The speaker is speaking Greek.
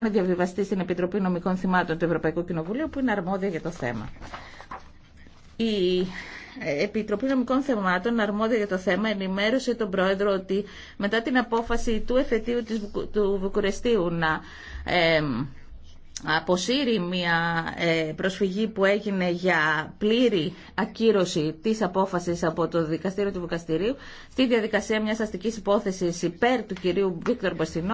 να διαβιβαστεί στην Επιτροπή Νομικών Θεμάτων του Ευρωπαϊκού Κοινοβουλίου που είναι αρμόδια για το θέμα. Η Επιτροπή Νομικών Θεμάτων, αρμόδια για το θέμα, ενημέρωσε τον Πρόεδρο ότι μετά την απόφαση του εφετείου του Βουκουρεστίου να αποσύρει μια ε, προσφυγή που έγινε για πλήρη ακύρωση της απόφασης από το Δικαστήριο του Βουκαστηρίου στη διαδικασία μιας αστικής υπόθεσης υπέρ του κυρίου Βίκτορ Μποστινό